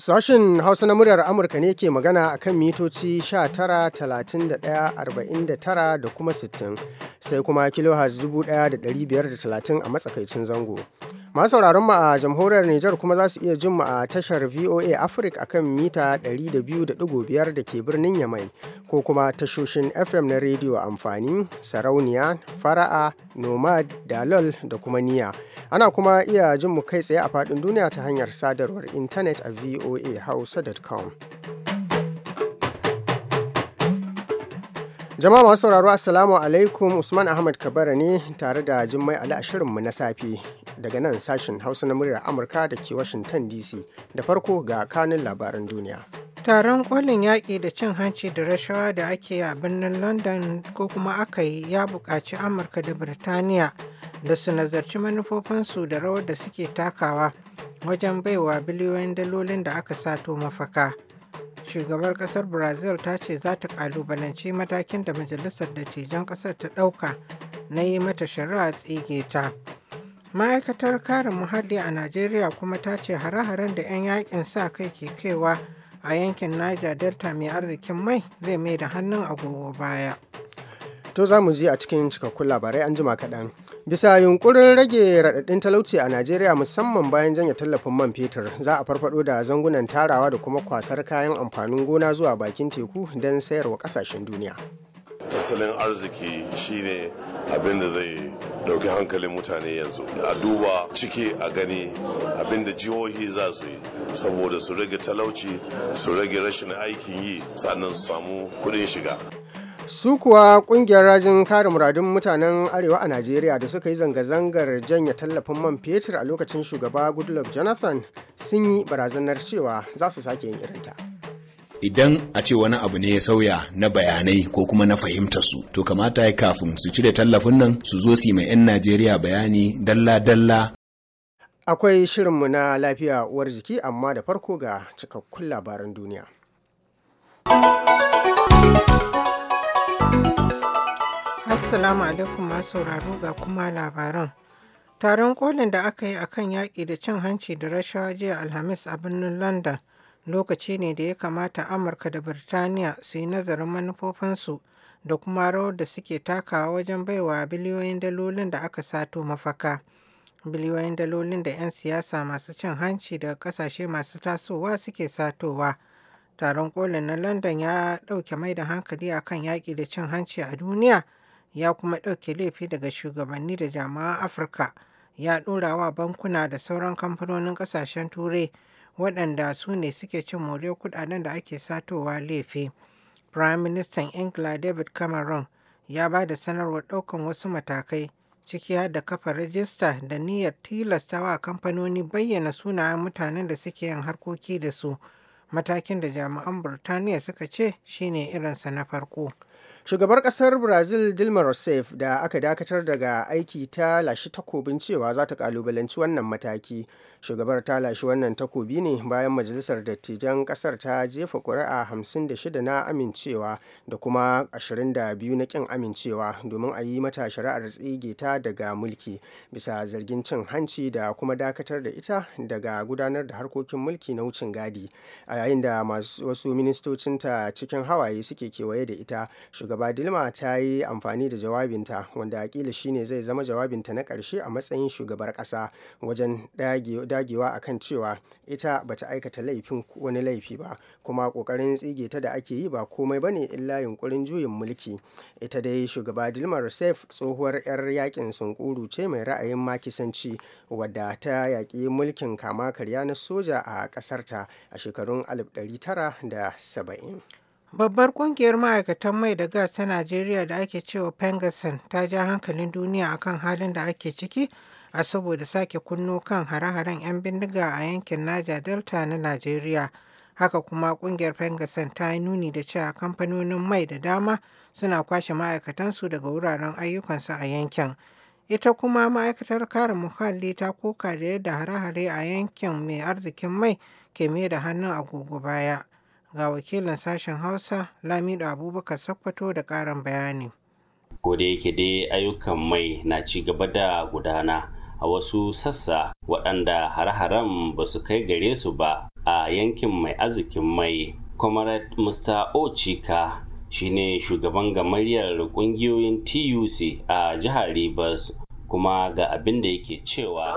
Sashen Hausa na muryar Amurka ne ke magana a kan mitoci 19,31,49 da kuma 60 sai kuma kilohertz 1,530 a matsakaicin zango. masu sauraron mu a jamhuriyar Nijar kuma za su iya jin mu a tashar VOA Africa akan mita 200.5 da ke birnin Yamai ko kuma tashoshin FM na rediyo amfani sarauniya fara'a nomad dalol da kuma niya ana kuma iya jin mu kai tsaye a faɗin duniya ta hanyar sadarwar intanet a voahausa.com. Jama'a masu sauraro Assalamu alaikum Usman Ahmad Kabara ne tare da Jummai Ali a mu na safe daga nan sashen Hausa na muryar Amurka da ke Washington DC. Da farko ga kanin labaran duniya. Taron kolin yaƙi da cin hanci da rashawa da ake a birnin London ko kuma aka yi ya buƙaci Amurka da Birtaniya da su nazarci manufofinsu da rawar da suke takawa wajen baiwa biliyoyin dalolin da aka sato mafaka. shugabar kasar brazil ta ce za ta kalubalanci matakin da majalisar dattijan kasar ta dauka na yi mata shari'a tsige ta ma'aikatar kare muhalli a najeriya kuma ta ce hare-haren da 'yan yakin sa kai ke kaiwa a yankin niger delta mai arzikin mai zai mai da hannun agogo baya to za mu je a cikin cikakkun labarai an jima kaɗan Bisa yunkurin rage raɗaɗin talauci a Najeriya musamman bayan janye tallafin man fetur za a farfado da zangunan tarawa da kuma kwasar kayan amfanin gona zuwa bakin teku don sayarwa ƙasashen duniya. tattalin arziki shine abin da zai dauki hankalin mutane yanzu a duba ciki a gani abin da jihohi za su yi saboda su rage talauci su rage rashin aikin yi sannan su samu kuɗin shiga Su kuwa kungiyar rajin kare muradun mutanen Arewa a Najeriya da suka yi zanga-zangar janya tallafin man fetur a lokacin shugaba Goodluck Jonathan sun yi barazanar cewa za su sake yin irinta. idan a ce wani abu ne ya sauya na bayanai ko kuma na fahimtar su to kamata ya kafin su cire tallafin nan su zo su mai 'yan najeriya bayani dalla-dalla akwai shirinmu na lafiya uwar jiki amma da farko ga cikakkun labaran duniya Assalamu alaikum masu sauraro ga kuma labaran. Taron kolin da aka yi akan yaƙi da cin hanci da rashawa jiya Alhamis a birnin London lokaci ne da ya kamata Amurka da Birtaniya su yi nazarin manufofinsu da kuma rawar da suke takawa wajen baiwa biliyoyin dalolin da aka sato mafaka. Biliyoyin dalolin da 'yan siyasa masu cin hanci da kasashe masu tasowa suke satowa. Taron kolin na London ya ɗauke mai da hankali akan yaƙi da cin hanci a duniya. ya kuma ɗauke laifi daga shugabanni da jama'a afirka ya ɗora wa bankuna da sauran kamfanonin ƙasashen turai waɗanda su ne suke cin moriyar kuɗaɗen da ake satowa laifi prime minister ingila david cameron ya ba da sanarwar ɗaukan wasu matakai ciki har da kafa rajista da niyyar tilastawa kamfanoni bayyana sunayen mutanen da suke yin harkoki da su matakin da jami'an Burtaniya suka ce shine irinsa na farko. shugabar kasar brazil dilma rousseff da aka dakatar daga aiki ta lashi takobin cewa za ta kalubalanci wannan mataki shugabar ta lashi wannan takobi ne bayan majalisar dattijan kasar ta jefa kuri'a 56 na amincewa da kuma 22 na kin amincewa domin a yi mata shari'ar tsige ta daga mulki bisa zargin cin hanci da kuma dakatar da ita daga gudanar da harkokin mulki na wucin gadi a yayin da wasu ministocinta cikin hawaye suke kewaye da ita shugabar shugaba dilma ta yi amfani da jawabinta wanda akila shine zai zama jawabinta na ƙarshe a matsayin shugabar kasa wajen dagewa akan cewa ita bata aikata laifin wani laifi ba kuma ƙoƙarin tsige ta da ake yi ba komai bane illa yunkurin juyin mulki ita dai shugaba dilma rousseff tsohuwar 'yar yakin sunkuru ce mai ra'ayin makisanci wadda ta yaƙi mulkin kama karya na soja a ƙasarta a shekarun 1970 Babbar ƙungiyar ma'aikatan mai da gas ta Najeriya da ake cewa Pengassen ta ja hankalin duniya akan halin da ake ciki a saboda sake kunno kan hare-haren 'yan bindiga a yankin Naja Delta na Najeriya. Haka kuma ƙungiyar Pengassen ta yi nuni da cewa kamfanonin mai da dama suna kwashe ma'aikatansu daga wuraren ayyukansu a yankin. Ita kuma ma'aikatar kare muhalli ta koka da yadda hare-hare a yankin mai arzikin mai ke mai da hannun agogo baya. ga wakilin sashen Hausa Lamido Abubakar Sakkwato da ƙarin bayani. Ko da yake dai ayyukan mai na ci gaba da gudana a wasu sassa waɗanda har haren ba su kai gare su ba a yankin mai arzikin mai. Comrade musta Ochika shine shugaban gamayyar ƙungiyoyin TUC a jihar Rivers kuma ga abin da yake cewa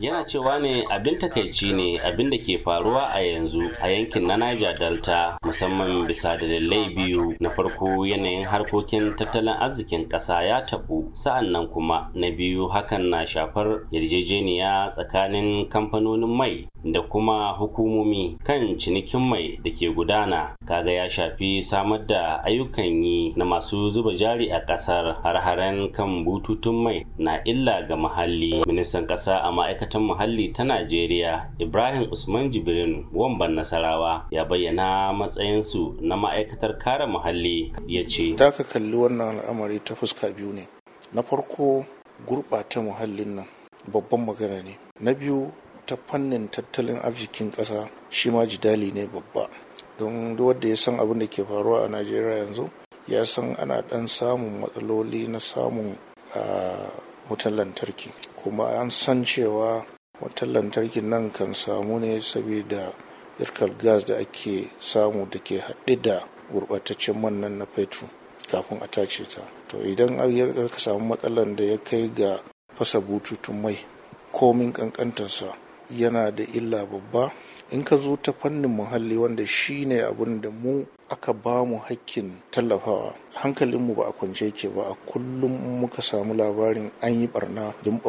Yana cewa ne abin takaici ne abin da ke faruwa a yanzu a yankin na Niger Delta musamman bisa dalilai biyu na farko yanayin harkokin tattalin arzikin ƙasa ya tabu sa'an nan kuma na biyu hakan na shafar yarjejeniya tsakanin kamfanonin mai da kuma hukumomi kan cinikin mai da ke gudana kaga ya shafi samar da ayyukan yi na masu zuba jari a kasar har-haren kan bututun mai na illa ga muhalli ministan kasa a ma'aikatan muhalli ta najeriya ibrahim usman jibrin wamban nasarawa ya bayyana matsayinsu na ma'aikatar kare muhalli ya ce ta ka kalli wannan al'amari ta fuska biyu ne na farko gurɓata muhallin nan babban magana ne na biyu ta fannin tattalin arzikin ƙasa shi ma jidali ne babba don wanda ya san abin da ke faruwa a najeriya yanzu ya san ana ɗan samun matsaloli na samun ah, wutan lantarki kuma an san cewa wutan lantarki nan kan samu ne saboda irkal gas da ake samu da ke haɗe da gurɓataccen man nan na fetur kafin a tace ta to idan aka samu matsalan da ya kai ga fasa bututun mai komin ƙanƙantarsa yana da illa babba in ka zo ta fannin muhalli wanda shi ne abin da mu aka ba mu hakkin tallafawa hankalinmu ba a kwance ke ba a kullum muka samu labarin an yi barna don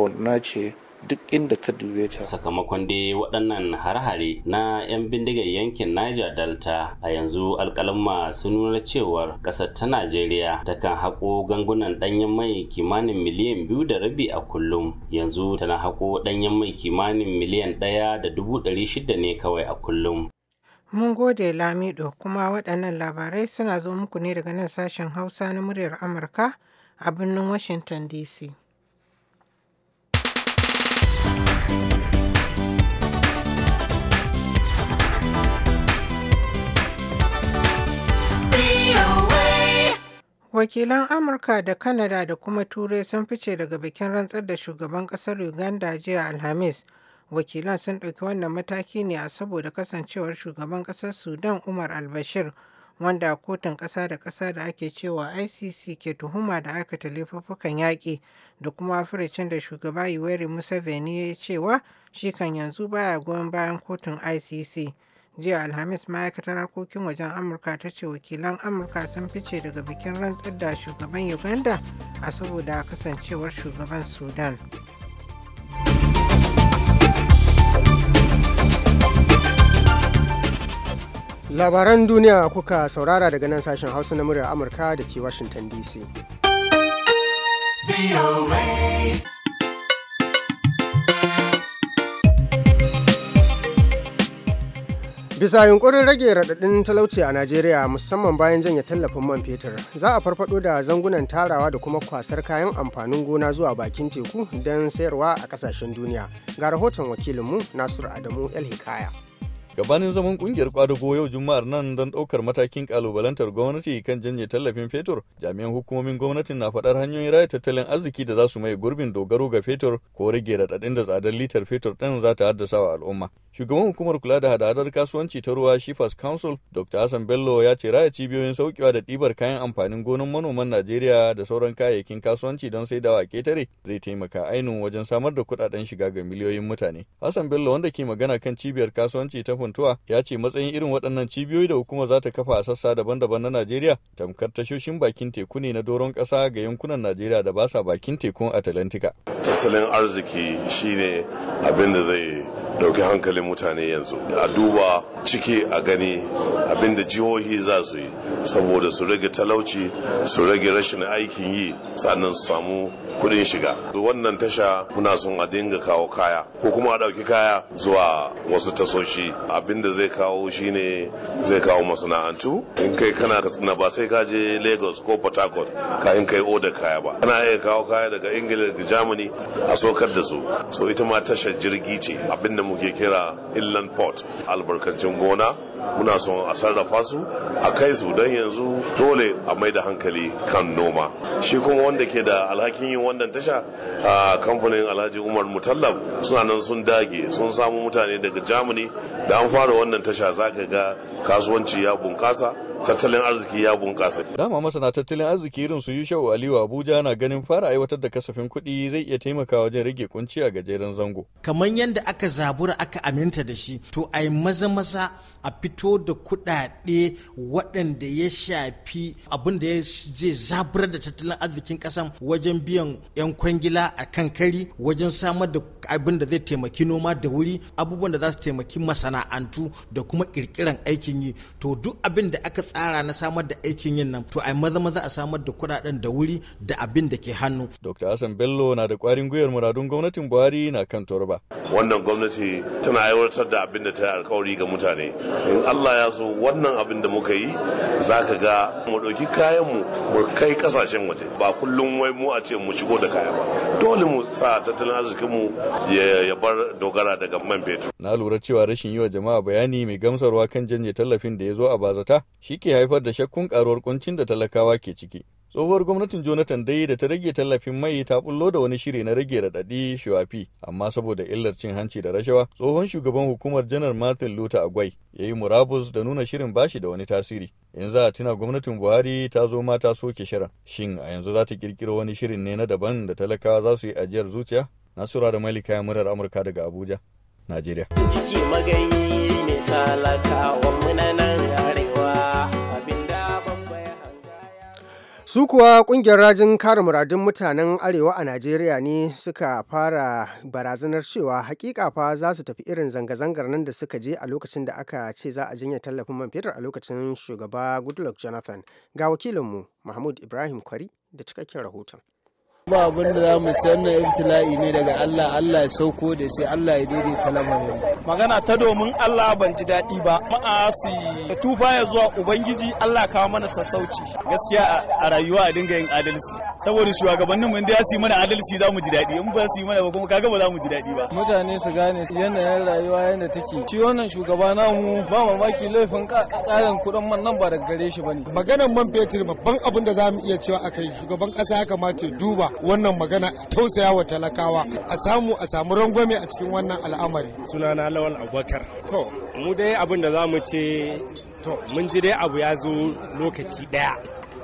ce duk inda ta dube ta. Sakamakon dai waɗannan har-hare na 'yan bindigar yankin Niger Delta a yanzu alƙalamma sun nuna cewar ƙasar ta Najeriya kan haƙo gangunan ɗanyen mai kimanin miliyan biyu da rabi a kullum. Yanzu tana haƙo ɗanyen mai kimanin miliyan ɗaya da dubu ɗari shida ne kawai a kullum. Mun gode Lamido kuma waɗannan labarai suna zo muku ne daga nan sashen Hausa na muryar Amurka a birnin Washington DC. Wakilan Amurka da Kanada da kuma Turai sun fice daga bikin rantsar da shugaban kasar Uganda jiya Alhamis. Wakilan sun ɗauki wannan mataki ne a saboda kasancewar shugaban kasar Sudan Umar albashir wanda kotun ƙasa da ƙasa da ake cewa ICC ke tuhuma da aikata laifuffukan yaƙi da kuma furucin da shugaba Yoweri Museveni ya cewa shi kan yanzu baya goyon bayan kotun ICC. jiya alhamis ma'aikatar harkokin wajen amurka ta ce wakilan amurka sun fice daga bikin rantsar da shugaban uganda a saboda kasancewar shugaban sudan labaran duniya kuka saurara daga nan sashen hausa na murya amurka da ke washington dc Bisa yunkurin rage raɗaɗin talauci a Najeriya musamman bayan janye tallafin man fetur, za a farfado da zangunan tarawa da kuma kwasar kayan amfanin gona zuwa bakin teku don sayarwa a ƙasashen duniya. Ga rahoton wakilinmu Nasiru Adamu El Hikaya. gabanin zaman kungiyar kwadago yau juma'ar nan don ɗaukar matakin kalubalantar gwamnati kan janye tallafin fetur jami'an hukumomin gwamnatin na faɗar hanyoyin raya tattalin arziki da za su mai gurbin dogaro ga fetur ko rage raɗaɗin da tsadar litar fetur ɗin za ta haddasa wa al'umma shugaban hukumar kula da hadadar kasuwanci ta ruwa shifas council dr hassan bello ya ce raya cibiyoyin saukewa da ɗibar kayan amfanin gonan manoman najeriya da sauran kayayyakin kasuwanci don saidawa a ketare zai taimaka ainihin wajen samar da kuɗaɗen shiga ga miliyoyin mutane hassan bello wanda ke magana kan cibiyar kasuwanci ta Funtuwa ya ce matsayin irin waɗannan cibiyoyi da hukumar za ta kafa a sassa daban-daban na Najeriya tamkar tashoshin bakin teku ne na doron ƙasa ga yankunan Najeriya da ba sa bakin tekun Atlantika. Tattalin arziki shine abin da zai dauki hankalin mutane yanzu a duba ciki a gani abinda jihohi za su yi saboda su rage talauci su rage rashin aikin yi sannan su samu kudin shiga wannan tasha muna son a dinga kawo kaya ko kuma a dauki kaya zuwa wasu tasoshi abinda zai kawo shine zai kawo masana'antu in kai kana katsina ba sai kaje lagos ko port harcourt ka in kai oda kaya ba kana iya kawo kaya daga ingila daga germany a sokar da su so ita ma tashar jirgi ce abinda da muke kira inland port albarkacin gona muna son a sarrafa su a kai su don yanzu dole a mai da hankali kan noma shi kuma wanda ke da alhakin yin wannan tasha a kamfanin alhaji umar mutallab suna nan sun dage sun samu mutane daga germany da an fara wannan tasha zaka ga kasuwanci ya bunkasa tattalin arziki ya bunkasa dama masana tattalin arziki irin su yushau aliyu abuja na ganin fara aiwatar da kasafin kuɗi zai iya taimakawa wajen rage kunci a gajeren zango kamar yadda aka zabura aka aminta da shi to a yi maza maza a fito da kuɗaɗe waɗanda ya shafi abin da zai zaburar da tattalin arzikin ƙasan wajen biyan 'yan kwangila a kan kari wajen samar da abin da zai taimaki noma da wuri abubuwan da za su taimaki masana'antu da kuma ƙirƙiran aikin yi to duk abin da aka tsara na samar da aikin yin nan to a maza maza a samar da kudaden da wuri da abin da ke hannu. Dr. Hassan Bello na da ƙwarin gwiwar muradun gwamnatin Buhari na kan torba. Wannan gwamnati ce tana aiwatar da abin da ta yi alkawari ga mutane in allah ya so wannan abin da muka yi za ka ga mu ɗauki kayan mu mu kai kasashen waje ba kullum wai mu a ce mu shigo da kaya ba dole mu sa tattalin arzikin mu ya bar dogara daga man fetur na lura cewa rashin yi wa jama'a bayani mai gamsarwa kan janye tallafin da ya zo a bazata shi ke haifar da shakkun karuwar kuncin da talakawa ke ciki tsohuwar gwamnatin jonathan dai da ta rage tallafin mai ta bullo da wani shiri na rage raɗaɗi shuwafi amma saboda illar cin hanci da rashawa tsohon shugaban hukumar janar martin luther agwai ya yi murabus da nuna shirin bashi da wani tasiri in za a tuna gwamnatin buhari ta zo mata soke shirin shin a yanzu za ta kirkiro wani shirin ne na daban da talakawa za su yi ajiyar zuciya nasura da malika ya murar amurka daga abuja najeriya talakawa Su kuwa kungiyar rajin kare muradun mutanen Arewa a Najeriya ne suka fara barazanar cewa hakika fa za su tafi irin zanga-zangar nan da suka je a lokacin da aka ce za a jinya tallafin man fetur a lokacin shugaba Goodluck Jonathan. Ga wakilinmu Mahmud Ibrahim Kwari da cikakken rahoton. ba abin da za mu san na ibtila'i ne daga Allah Allah ya sauko da shi, Allah ya daidai ta lamarin magana ta domin Allah ban ji daɗi ba ma'asi tuba ya zuwa ubangiji Allah kawo mana sassauci gaskiya a rayuwa a dinga yin adalci saboda shugabannin mu da su mana adalci za mu ji daɗi in ba su mana ba kuma kaga ba za mu ji daɗi ba mutane su gane yanayin rayuwa yadda take shi wannan shugaba namu ba mamaki laifin ƙarin kuɗin man nan ba daga gare shi bane maganar man fetur babban abin da za mu iya cewa akai shugaban ƙasa ya kamata duba wannan magana a tausaya wa talakawa a samu a samu rangwame a cikin wannan al'amari sunana lawal abubakar to mu dai abin da za mu ce to mun ji dai abu ya zo lokaci daya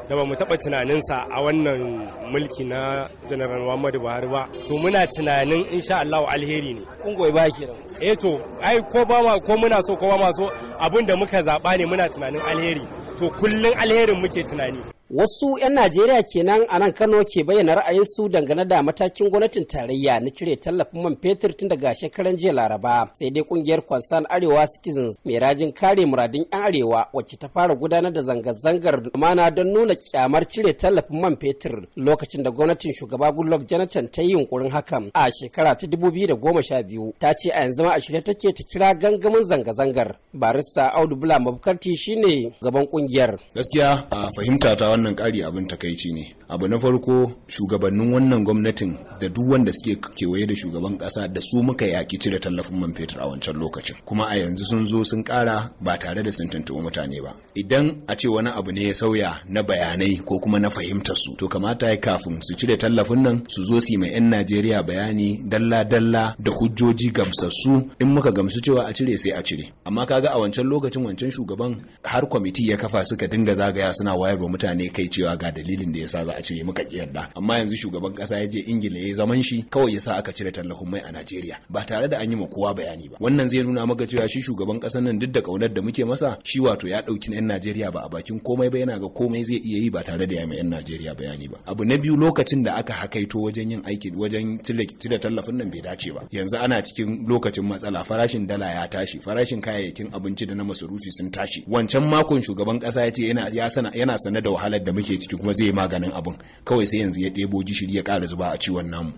da ba mu taɓa tunaninsa a wannan mulki na janaral muhammadu buhari ba to muna tunanin insha allahu alheri ne kun goyi ba kenan eh to ai ko ba ma ko muna so ko ba ma so abin da muka zaɓa ne muna tunanin alheri to kullum alherin muke tunani Wasu 'yan Najeriya kenan a nan Kano ke bayyana ra'ayinsu dangane da matakin gwamnatin tarayya na cire tallafin man fetur tun daga shekaran jiya Laraba. Sai dai kungiyar kwansan Arewa Citizens mai rajin kare muradin 'yan Arewa wacce ta fara gudanar da zanga-zangar mana don nuna kyamar cire tallafin man fetur lokacin da gwamnatin shugaba Goodluck Jonathan ta yi yunkurin hakan a shekara ta biyu, ta ce a yanzu ma a shirye take ta kira gangamin zanga-zangar. Barista Audu Bula Mabukarti shine gaban kungiyar. Gaskiya a fahimta ta wannan ƙari abin takaici ne abu na farko shugabannin wannan gwamnatin da duk wanda suke kewaye da shugaban ƙasa da su muka yaƙi cire tallafin man fetur a wancan lokacin kuma a yanzu sun zo sun ƙara ba tare da sun tuntuɓi mutane ba idan a ce wani abu ne ya sauya na bayanai ko kuma na fahimtar su to kamata ya kafin su cire tallafin nan su zo su yi mai 'yan najeriya bayani dalla-dalla da hujjoji gamsassu in muka gamsu cewa a cire sai a cire amma kaga a wancan lokacin wancan shugaban har kwamiti ya kafa suka dinga zagaya suna wayarwa mutane kai cewa ga dalilin da yasa za a cire muka yarda amma yanzu shugaban kasa ya je ingila ya zaman shi kawai yasa aka cire tallafin mai a najeriya ba tare da an yi ma kowa bayani ba wannan zai nuna maka cewa shi shugaban kasar nan duk da kaunar da muke masa shi wato ya dauki yan najeriya ba a bakin komai ba yana ga komai zai iya yi ba tare da ya mai yan najeriya bayani ba abu na biyu lokacin da aka hakaito wajen yin aiki wajen cire tallafin nan bai dace ba yanzu ana cikin lokacin matsala farashin dala ya tashi farashin kayayyakin abinci da na masarufi sun tashi wancan makon shugaban kasa ya ce yana sana da wahalar halar da muke ciki kuma zai maganin abin kawai sai yanzu ya ɗebo gishiri ya ƙara zuba a ciwon namu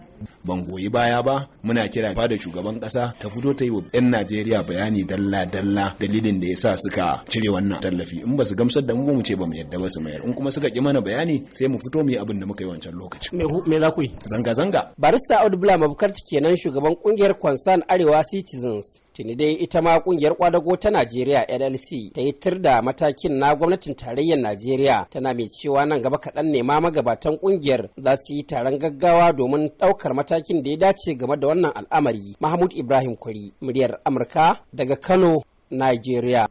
ban goyi baya ba muna kira fada shugaban kasa ta fito ta yi wa 'yan najeriya bayani dalla dalla dalilin da ya sa suka cire wannan tallafi in ba su gamsar da mu ba mu ce ba mu yadda ba su mayar in kuma suka ki mana bayani sai mu fito mu yi abin da muka yi wancan lokaci. me za ku yi zanga zanga barista audu bula mabukar kenan shugaban kungiyar concern arewa citizens Tuni dai ita ma kungiyar kwadago ta Najeriya LLC ta yi tir da matakin na gwamnatin tarayyar Najeriya tana mai cewa nan gaba kaɗan ne ma magabatan kungiyar za su yi taron gaggawa domin ɗaukar matakin da ya dace game da wannan al'amari. Mahmud Ibrahim kuri muryar Amurka daga Kano, Najeriya.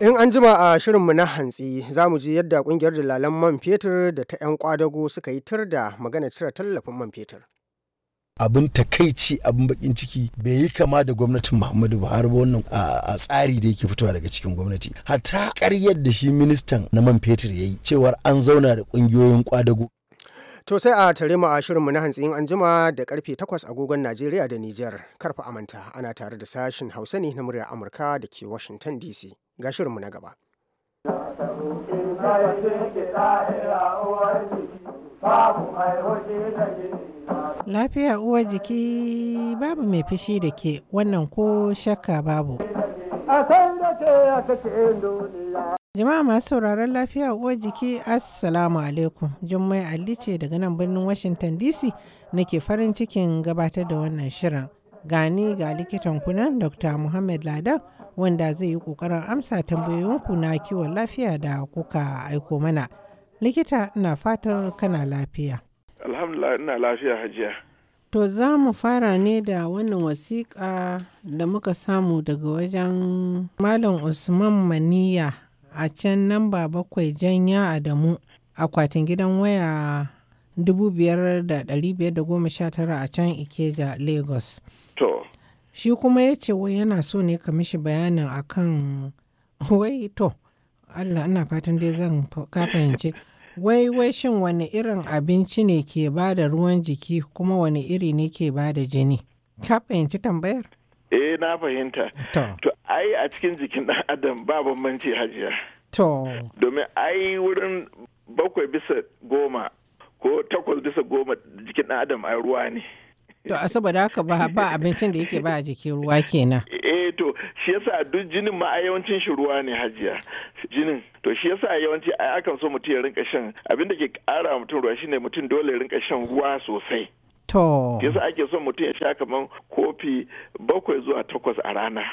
In an jima a shirinmu na hantsi za mu ji yadda kungiyar dalalan man fetur da ta 'yan kwadago suka yi tar da magana cire tallafin man fetur. abin takaici abin bakin ciki bai yi kama da gwamnatin muhammadu buhari ba wannan a tsari da yake fitowa daga cikin gwamnati hatta ƙaryar da shi ministan na man fetur ya yi cewar an zauna da kungiyoyin kwadago To sai a tare mu a shirinmu na hantsi an anjima da karfe 8 agogon Najeriya da Nijar. Karfa amanta ana tare da sashin Hausa ne na murya Amurka da ke Washington DC. ga shirinmu na gaba. Lafiya uwar jiki babu mai fushi da ke wannan ko shakka babu. Jama'a masu sauraron lafiya uwar jiki Assalamu alaikum. Jummai Ali ce daga nan birnin Washington DC nake farin cikin gabatar da wannan shirin. Gani ga likitan kunan Dr. Muhammad Ladan. wanda zai yi ƙoƙarin amsa tambayoyinku na kiwon lafiya da kuka aiko mana. Likita na fatar kana lafiya. Alhamdulillah ina lafiya hajiya. To za mu fara ne da wannan wasiƙa da muka samu daga wajen Malam Usman Maniya a can nan ba bakwai janya Adamu akwatin gidan waya 5519 a can Ikeja Lagos. shi kuma ya ce wai yana so ne ka mishi bayanin akan wai to allah ina fatan dai zan ka fahimci wai wai shin wani irin abinci ne ke ba da ruwan jiki kuma wani iri ne ke ba da jini ka fahimci tambayar eh na fahimta to ai a cikin jikin ɗan adam ba bambanci hajiya to domin ai wurin bakwai bisa goma ko takwas bisa goma jikin ɗan adam ai ruwa ne to saboda haka ba ba abincin da yake ba a jikin ruwa kenan eh to shi yasa duk jinin ma a yawancin shi ruwa ne hajiya jinin to shi yasa yawanci a akan so mutum ya rinka shan abin da ke kara mutum ruwa shine mutum dole ya rinka shan ruwa sosai to yasa ake so mutum ya sha kaman kofi bakwai zuwa takwas a rana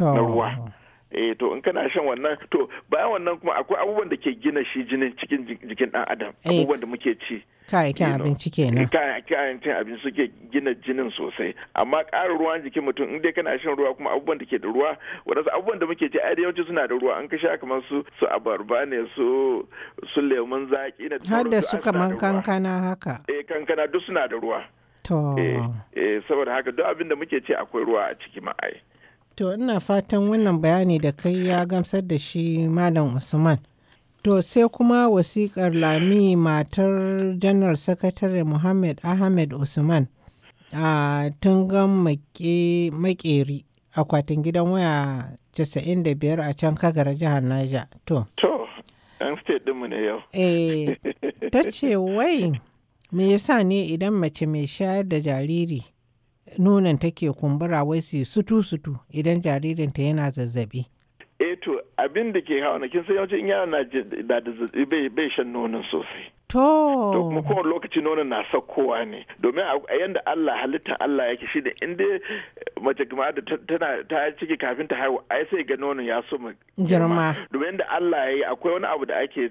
na ruwa eh to in kana shan wannan to bayan wannan kuma akwai abubuwan da ke gina shi jinin cikin jikin dan adam eh, abubuwan da muke ci kayayyakin abinci kenan eh, kayayyakin abinci suke gina jinin sosai amma ƙara ruwan jikin mutum in dai kana shan ruwa kuma abubuwan da ke da ruwa wadansu abubuwan da muke ci a yawanci suna da ruwa an ka sha kamar su su abarba ne su su lemun zaki na har da su kamar kankana haka eh kankana duk suna da ruwa to eh, eh saboda haka duk abin da muke ci akwai ruwa a ciki ma'ai. To ina fatan wannan bayani da kai ya gamsar da shi Malam Usman. To sai kuma wasiƙar Lami matar janar sakatare Muhammad Ahmed Usman a tungan makeri akwatin gidan waya 95 a can kagara jihar Niger. To. an state ɗinmu ne yau. Eh, ta ce wai me yasa ne idan mace mai shayar da jariri nonon take kumbura wai su sutu-sutu idan jaririnta yana zazzabi. Eto eh abin da ke hawa na kin san yawanci in yaron na da zazzabi bai shan nonon sosai To. To kuma kowane lokaci nonon na saukowa ne. Domin a yanda Allah halitta Allah yake shi da inda mace kuma da tana ta ciki kafin ta haihu ai sai ga nonon ya so girma. Domin da Allah ya yi akwai wani abu da ake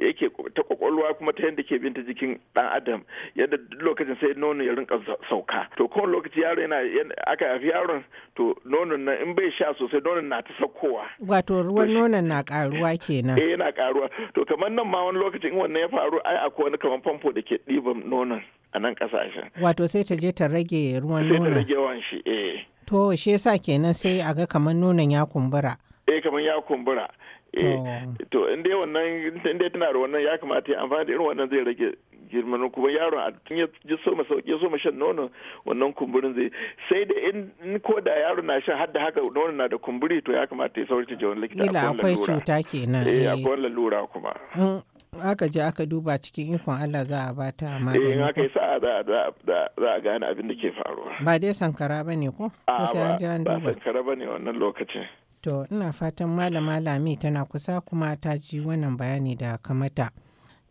yake ta kwakwalwa kuma ta yanda ke bin ta jikin dan adam yadda lokacin sai nonon ya rinka sauka. To kowane lokaci yaro yana aka haifi yaron to nonon nan in bai sha sosai nonon na ta saukowa. Wato ruwan nonon na karuwa kenan. Eh yana karuwa. To kamar nan ma wani lokacin wannan ya faru ai akwai wani kamar famfo da ke ɗiban nonon a nan kasashen. Wato sai ta je ta rage ruwan nonon. Sai ta rage wan shi eh. To shi yasa kenan sai a ga kamar nonon ya kumbura. Eh kamar ya kumbura. Eh, to in dai wannan in dai tana da wannan ya kamata ya amfani da irin wannan zai rage girman kuma yaron a tun ya so ma sauki so ma shan nono wannan kumburin zai sai da in ko da yaro na shan hadda haka nono na da kumburi to ya kamata ya saurace je wani likita ila akwai cuta kenan eh, eh akwai lalura kuma aka je aka duba cikin ikon Allah za a bata magani. Eh aka yi sa'a za a gane abin da ke faruwa. Ba dai sankara bane ko? Ko sai an je an duba. Ba sankara bane wannan lokacin. To ina fatan malama Lami tana kusa kuma ta ji wannan bayani da kamata.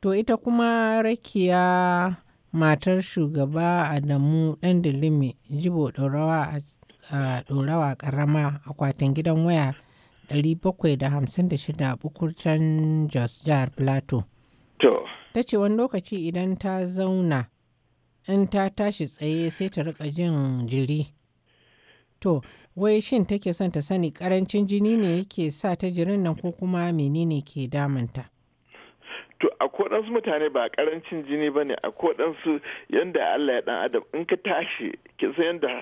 To ita kuma rakiya matar shugaba Adamu ɗan dilimi jibo ɗorawa a kwatin ƙarama akwatin gidan waya 756 bukurcan Jos Jihar Plateau. To. Ta ce wani lokaci idan ta zauna in ta tashi tsaye sai ta rika jin jiri. To, wai shin take son ta sani karancin jini ne yake sa ta jirin nan ko kuma menene ke damanta to a kodansu mutane ba karancin jini ba ne a kodansu yadda allah ya dan adam in ka tashi kin san yadda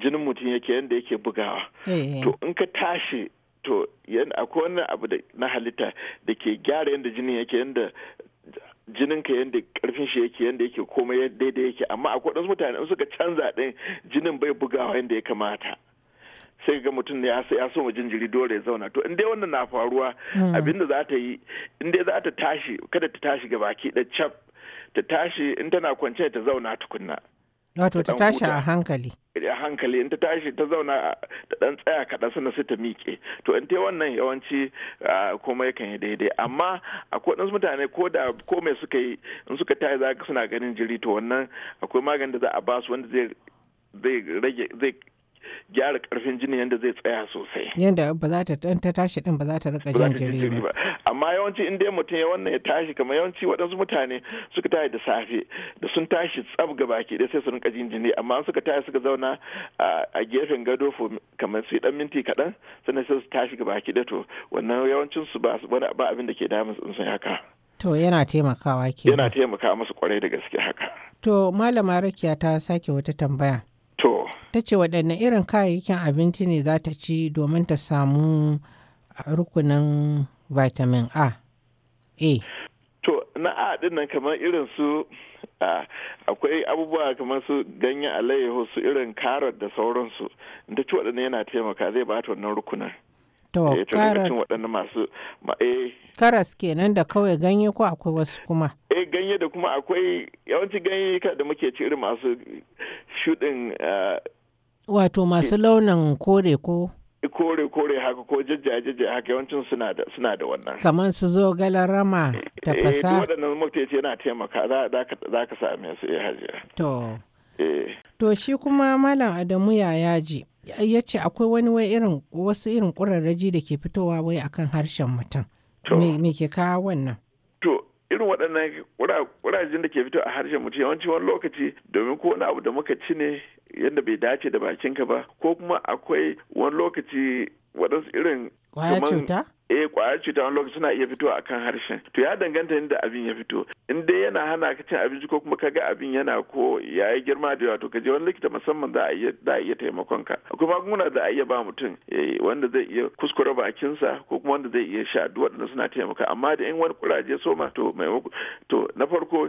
jinin mutum yake yadda yake bugawa eh. to in ka tashi to akwai wani abu na halitta da ke gyara yadda jinin yake yadda jinin ka yadda karfin shi yake yadda yake komai daidai yake amma akwai wadansu mutane in suka canza din jinin bai bugawa yadda ya kamata sai ga mutum ya ya so wa jinjiri dole ya zauna to inda wannan na faruwa hmm. abinda za ta yi inda za ta tashi kada ta tashi baki da cap ta tashi in tana kwance ta zauna tukunna wato ta tashi a hankali a hankali in ta tashi ta zauna ta dan tsaya kaɗan sannan sai ta miƙe to in ta wannan yawanci kuma kan yi daidai amma akwai ɗansu mutane ko da ko mai suka yi in suka tashi za suna ganin jiri to wannan akwai magani da za a basu wanda zai rage zai gyara karfin jini yadda zai tsaya sosai yadda ba za ta ɗan ta tashi din ba za ta rika jin jiri ba amma yawanci in dai mutum ya wannan ya tashi kamar yawanci waɗansu mutane suka tashi da safe da sun tashi tsab gaba baki da sai su rinka jin jini amma suka tashi suka zauna a gefen gado kamar su dan minti kaɗan sannan sai su tashi gaba ke da to wannan yawancin su ba ba abin da ke damun sun haka To yana taimakawa ke. Yana taimaka musu kwarai da gaske haka. To malama rakiya ta sake wata tambaya. ta ce waɗanne irin kayayyakin abinci ne za ta ci domin ta samu rukunin vitamin a a to na a din nan kamar irin su akwai abubuwa kamar su ganyen alayyahu su irin karot da sauransu da ci waɗanne yana taimaka zai ba ta wannan rukunin to eh, karas masu karas eh. kenan da kawai ganye ko akwai wasu kuma eh ganye da kuma akwai yawanci ganye da muke ci irin masu shuɗin Wato masu eh. launin kore ko? Kore kore haka ko jajjaye jajjaye haka yawancin suna da suna da wannan. Kamar su zo galarama eh, ta eh, fasa. Eh waɗannan maktaci yana taimaka za ka same su eh hajiya. To. Eh. To shi kuma Malam Adamu ya yaji. yace ce akwai wani wai irin wasu irin ƙurarraji da ke fitowa wai akan harshen mutum. Me ke kawo wannan? irin waɗannan wurajen da ke fito a harshen mutum yawanci wani lokaci domin ko wani abu da muka ci ne yadda bai dace da bakinka ba ko kuma akwai wani lokaci waɗansu irin kwaya cuta eh kwayar cuta wani lokaci suna iya fitowa kan harshen to ya danganta inda abin ya fito in dai yana hana ka cin abinci ko kuma ka ga abin yana ko ya yi girma da yawa to ka je wani likita musamman za a iya za a iya taimakon ka akwai magunguna da a iya ba mutum eh, wanda zai iya kuskure bakinsa ko kuma wanda zai iya sha duk waɗanda suna taimaka amma da in wani kuraje soma to maimako to na farko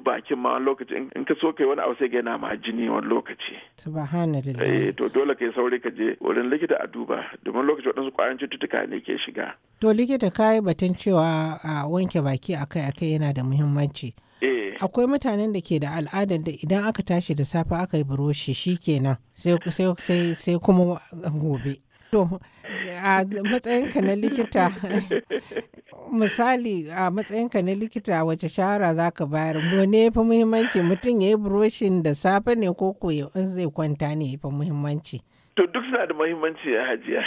bakin ma wani lokaci in ka so kai wani abu sai ga yana ma jini wani lokaci subhanallah eh to dole kai saurayi ka je wurin likita a duba domin lokaci waɗansu ƙwayoyin cututtuka ne ke shiga to likita ka yi batun cewa a wanke baki akai-akai yana da muhimmanci eh. akwai mutanen da ke da al'adar da idan aka tashi da safe aka yi buroshi shi kenan sai kuma gobe To, a matsayinka na likita, misali a matsayinka na likita wace shahara za ka bayar? ne ya fi muhimmanci mutum ya yi buroshin da safe ne ko koyo in zai kwanta ne ya fi muhimmanci? To duk suna da muhimmanci ya hajiya.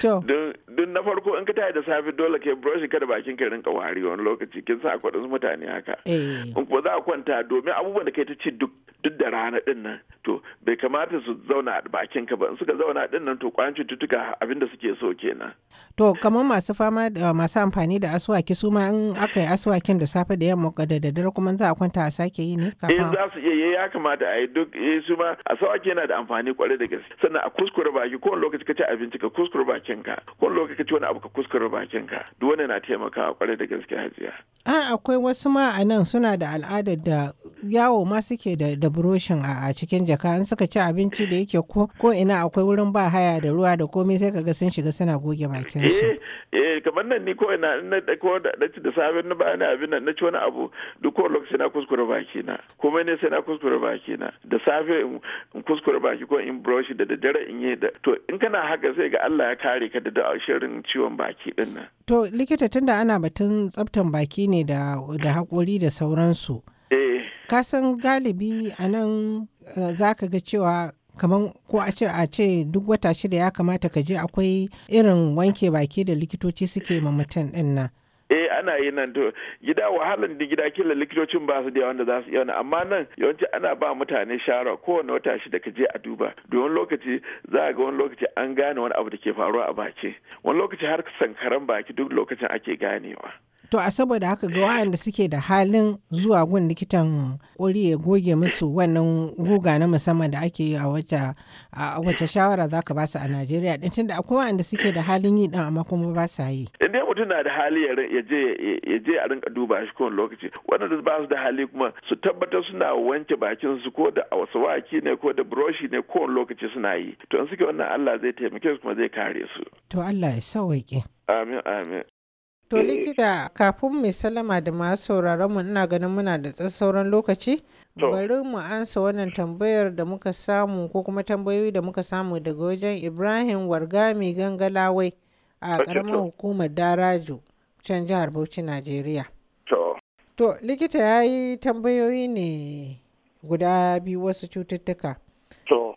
Don na farko in ka tayi da safe dole ka brush kada bakin ka rinka wari wani lokaci kin san akwai wasu mutane haka. Eh. In kuma za a kwanta domin abubuwan da kai ta ci duk duk da rana din nan to bai kamata su zauna a bakin ka ba in suka zauna din nan to kwayan cututtuka abinda suke so kenan to kamar masu fama da masu amfani da aswaki su ma in aka yi aswakin da safe da yamma da daddare kuma za a kwanta a sake yi ne eh za su iya eh, ya kamata a yi duk eh su ma aswaki yana da amfani kwarai da gaske sannan a kuskure baki ko wani lokaci ka ci abinci ka kuskure bakin ka ko wani lokaci ka ci wani abu ka kuskure bakin ka duk wannan na taimakawa kwarai da gaske hajiya a akwai wasu ma a nan suna da al'adar da yawo ma suke da da buroshin a cikin jaka in suka ci abinci da yake ko ina akwai wurin ba haya da ruwa da komai sai kaga sun shiga suna goge bakin su eh, eh kamar nan ni ko ina na ko da ci da safe na bani abin nan na ci wani abu duk ko lokaci na kuskure baki na komai ne sai na kuskure baki na da safe in kuskure baki ko in brush da daddare in yi da to in kana haka sai ga Allah ya kare ka da shirin ciwon baki din to likita tunda ana batun tsaftan baki ne da da haƙori da sauransu kasan galibi a nan eh, za ka ga cewa kamar ko a ce a ce duk wata shida ya kamata ka je akwai irin wanke baki da likitoci suke ma mutum din nan eh ana yi nan to gida wahalan da gida kila likitocin ba su da wanda za su yawan amma nan yawanci ana ba mutane shara kowane wata shi da je a duba domin lokaci za ga wani lokaci an gane wani abu da ke faruwa a baki wani lokaci har sankaran baki duk lokacin ake ganewa To a saboda haka ga waɗanda suke da halin zuwa gun likitan ƙuri ya goge musu wannan guga na musamman da ake yi a wace shawara za ka basu a Najeriya ɗin tunda akwai waɗanda suke da halin yi ɗan, amma kuma ba sa yi. Idan mutum na da hali ya je a rinka duba shi kowane lokaci waɗanda ba su da hali kuma su tabbatar suna wanke bakin su ko da wasawaki ne ko da buroshi ne kowane lokaci suna yi to in suke wannan Allah zai taimake su kuma zai kare su. To Allah ya sauwaƙe. Amin amin. To likita kafin mu salama da masu sauraron mu ina ganin muna da tsauran lokaci. Bari mu ansa wannan tambayar da muka samu ko kuma tambayoyi da muka samu daga wajen Ibrahim Wargami Gangalawai a karamar hukumar daraju can jihar Bauchi, Najeriya. To likita ya yi tambayoyi ne guda biyu wasu cututtuka.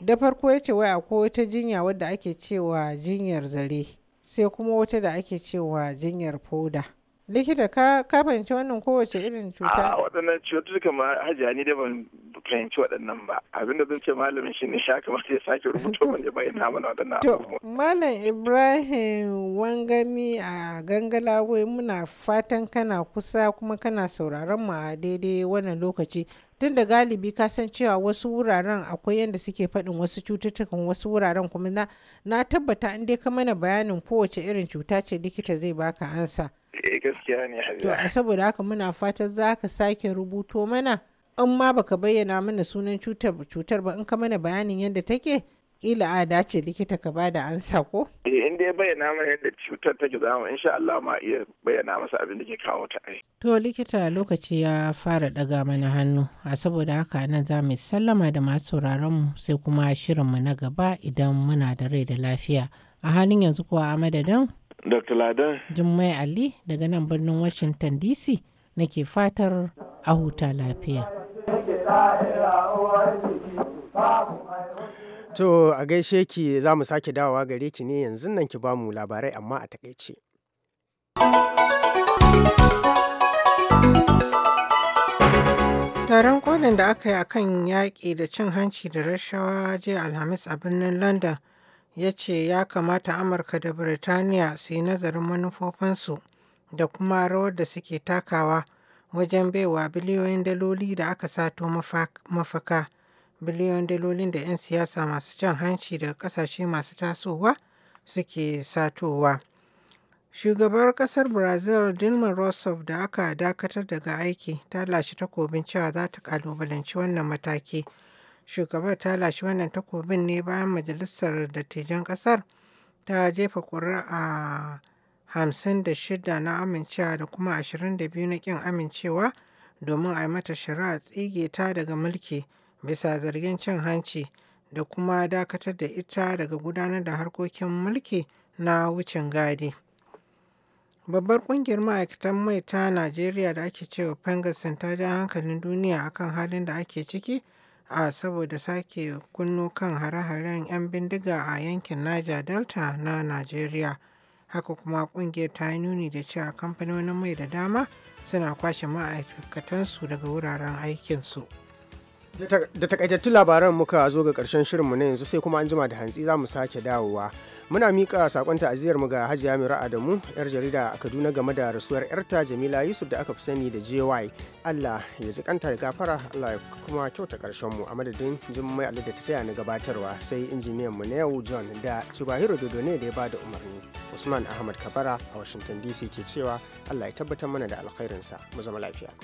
Da farko ya ce wai akwai wata jinya wadda ake cewa jinyar zare. sai kuma wata da ake cewa jinyar foda likita ka ka fahimci wannan kowace irin cuta a waɗannan cututtuka ma hajiya ni da ban fahimci waɗannan ba abinda zan ce malamin shine ya kamata ya sake rubuto mun ya bayyana mana waɗannan to malam ibrahim wangami a gangalawe muna fatan kana kusa kuma kana sauraron mu a daidai wannan lokaci tun da galibi ka san cewa wasu wuraren akwai yadda suke faɗin wasu cututtukan wasu wuraren kuma na tabbata in dai ka mana bayanin kowace irin cuta ce likita zai baka ansa. eh gaskiya ne to a saboda haka muna fatan za ka sake rubuto mana in ma baka bayyana mana sunan cutar ba in ka mana bayanin yadda take kila a dace likita ka ba da ansa ko eh in dai bayyana mana yadda cutar take za mu insha Allah ma iya bayyana masa abin da ke kawo ta ai to likita lokaci ya fara daga mana hannu a saboda haka na za mu sallama da masu sauraron mu sai kuma shirin mu na gaba idan muna da rai da lafiya a halin yanzu kuwa a madadin Dr. Lada. Jummai Ali daga nan birnin Washington DC nake fatar a huta lafiya. To a gaishe ki za mu sake dawowa gare ki ne yanzu nan ki bamu labarai amma a takaice. Taron kolin da aka yi a kan yaƙi da cin hanci da rashawa jiya Alhamis a birnin London ya ce ya kamata Amurka da Birtaniya su yi nazarin manufofinsu da kuma rawar da suke takawa wajen baiwa biliyoyin daloli da aka sato mafaka biliyoyin dalolin da 'yan siyasa masu cin hanci daga kasashe masu tasowa suke satowa. Shugabar kasar Brazil Dilma Rousseff da aka dakatar daga aiki ta lashe takobin cewa za ta kalubalanci wannan mataki shugabar ta lashe wannan takobin ne bayan majalisar dattijan Kasar ta jefa ƙuri'a hamsin da shida na amincewa da kuma ashirin da biyu na ƙin amincewa domin a yi mata shari'a tsige ta daga mulki bisa zargin cin hanci da kuma dakatar da ita daga gudanar da harkokin mulki na wucin gadi. Babbar kungiyar ma'aikatan mai ta Najeriya da ake cewa Pengasin ta ja hankalin duniya akan halin da ake ciki a saboda sake kunno kan hare-haren 'yan bindiga a yankin Niger Delta na Najeriya. Haka kuma kungiyar ta yi nuni da cewa kamfanonin mai da dama suna kwashe ma'aikatansu daga wuraren aikinsu. Da takaitattun labaran muka zo ga karshen shirinmu na yanzu sai kuma an jima da hantsi za mu sake dawowa. muna mika sakon ta'aziyar mu ga Hajiya Mira Adamu yar jarida a Kaduna game da rasuwar yarta Jamila Yusuf da aka fi sani da JY Allah ya ji kanta da gafara Allah ya kuma kyauta karshen mu a madadin Jummai Ali da ta taya na gabatarwa sai injiniyan mu na yau John da Chubahiro Dodo ne da ya bada umarni Usman Ahmad Kabara a Washington DC ke cewa Allah ya tabbatar mana da alkhairinsa mu zama lafiya